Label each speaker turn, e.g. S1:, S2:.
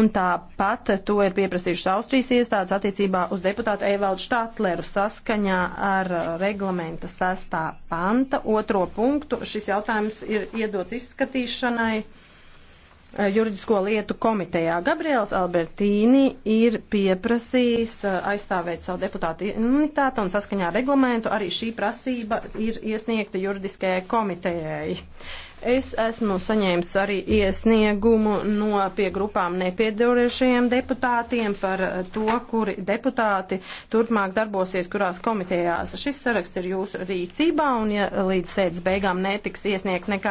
S1: un tāpat to ir pieprasījušas Austrijas iestādes attiecībā uz deputātu Eivaldu Štatleru saskaņā ar uh, reglamenta sestā panta otro punktu. Šis jautājums ir iedots izskatīšanai. Eh, juridisko lietu komitejā. Gabriels Albertīni ir pieprasījis eh, aizstāvēt savu deputātu imunitāti un saskaņā ar reglamentu arī šī prasība ir iesniegta juridiskajai komitejai. Es esmu saņēmis arī iesniegumu no pie grupām nepiedarījušajiem deputātiem par eh, to, kuri deputāti turpmāk darbosies, kurās komitejās. Šis saraksts ir jūsu rīcībā, un ja līdz sēdes beigām netiks
S2: iesniegt nekā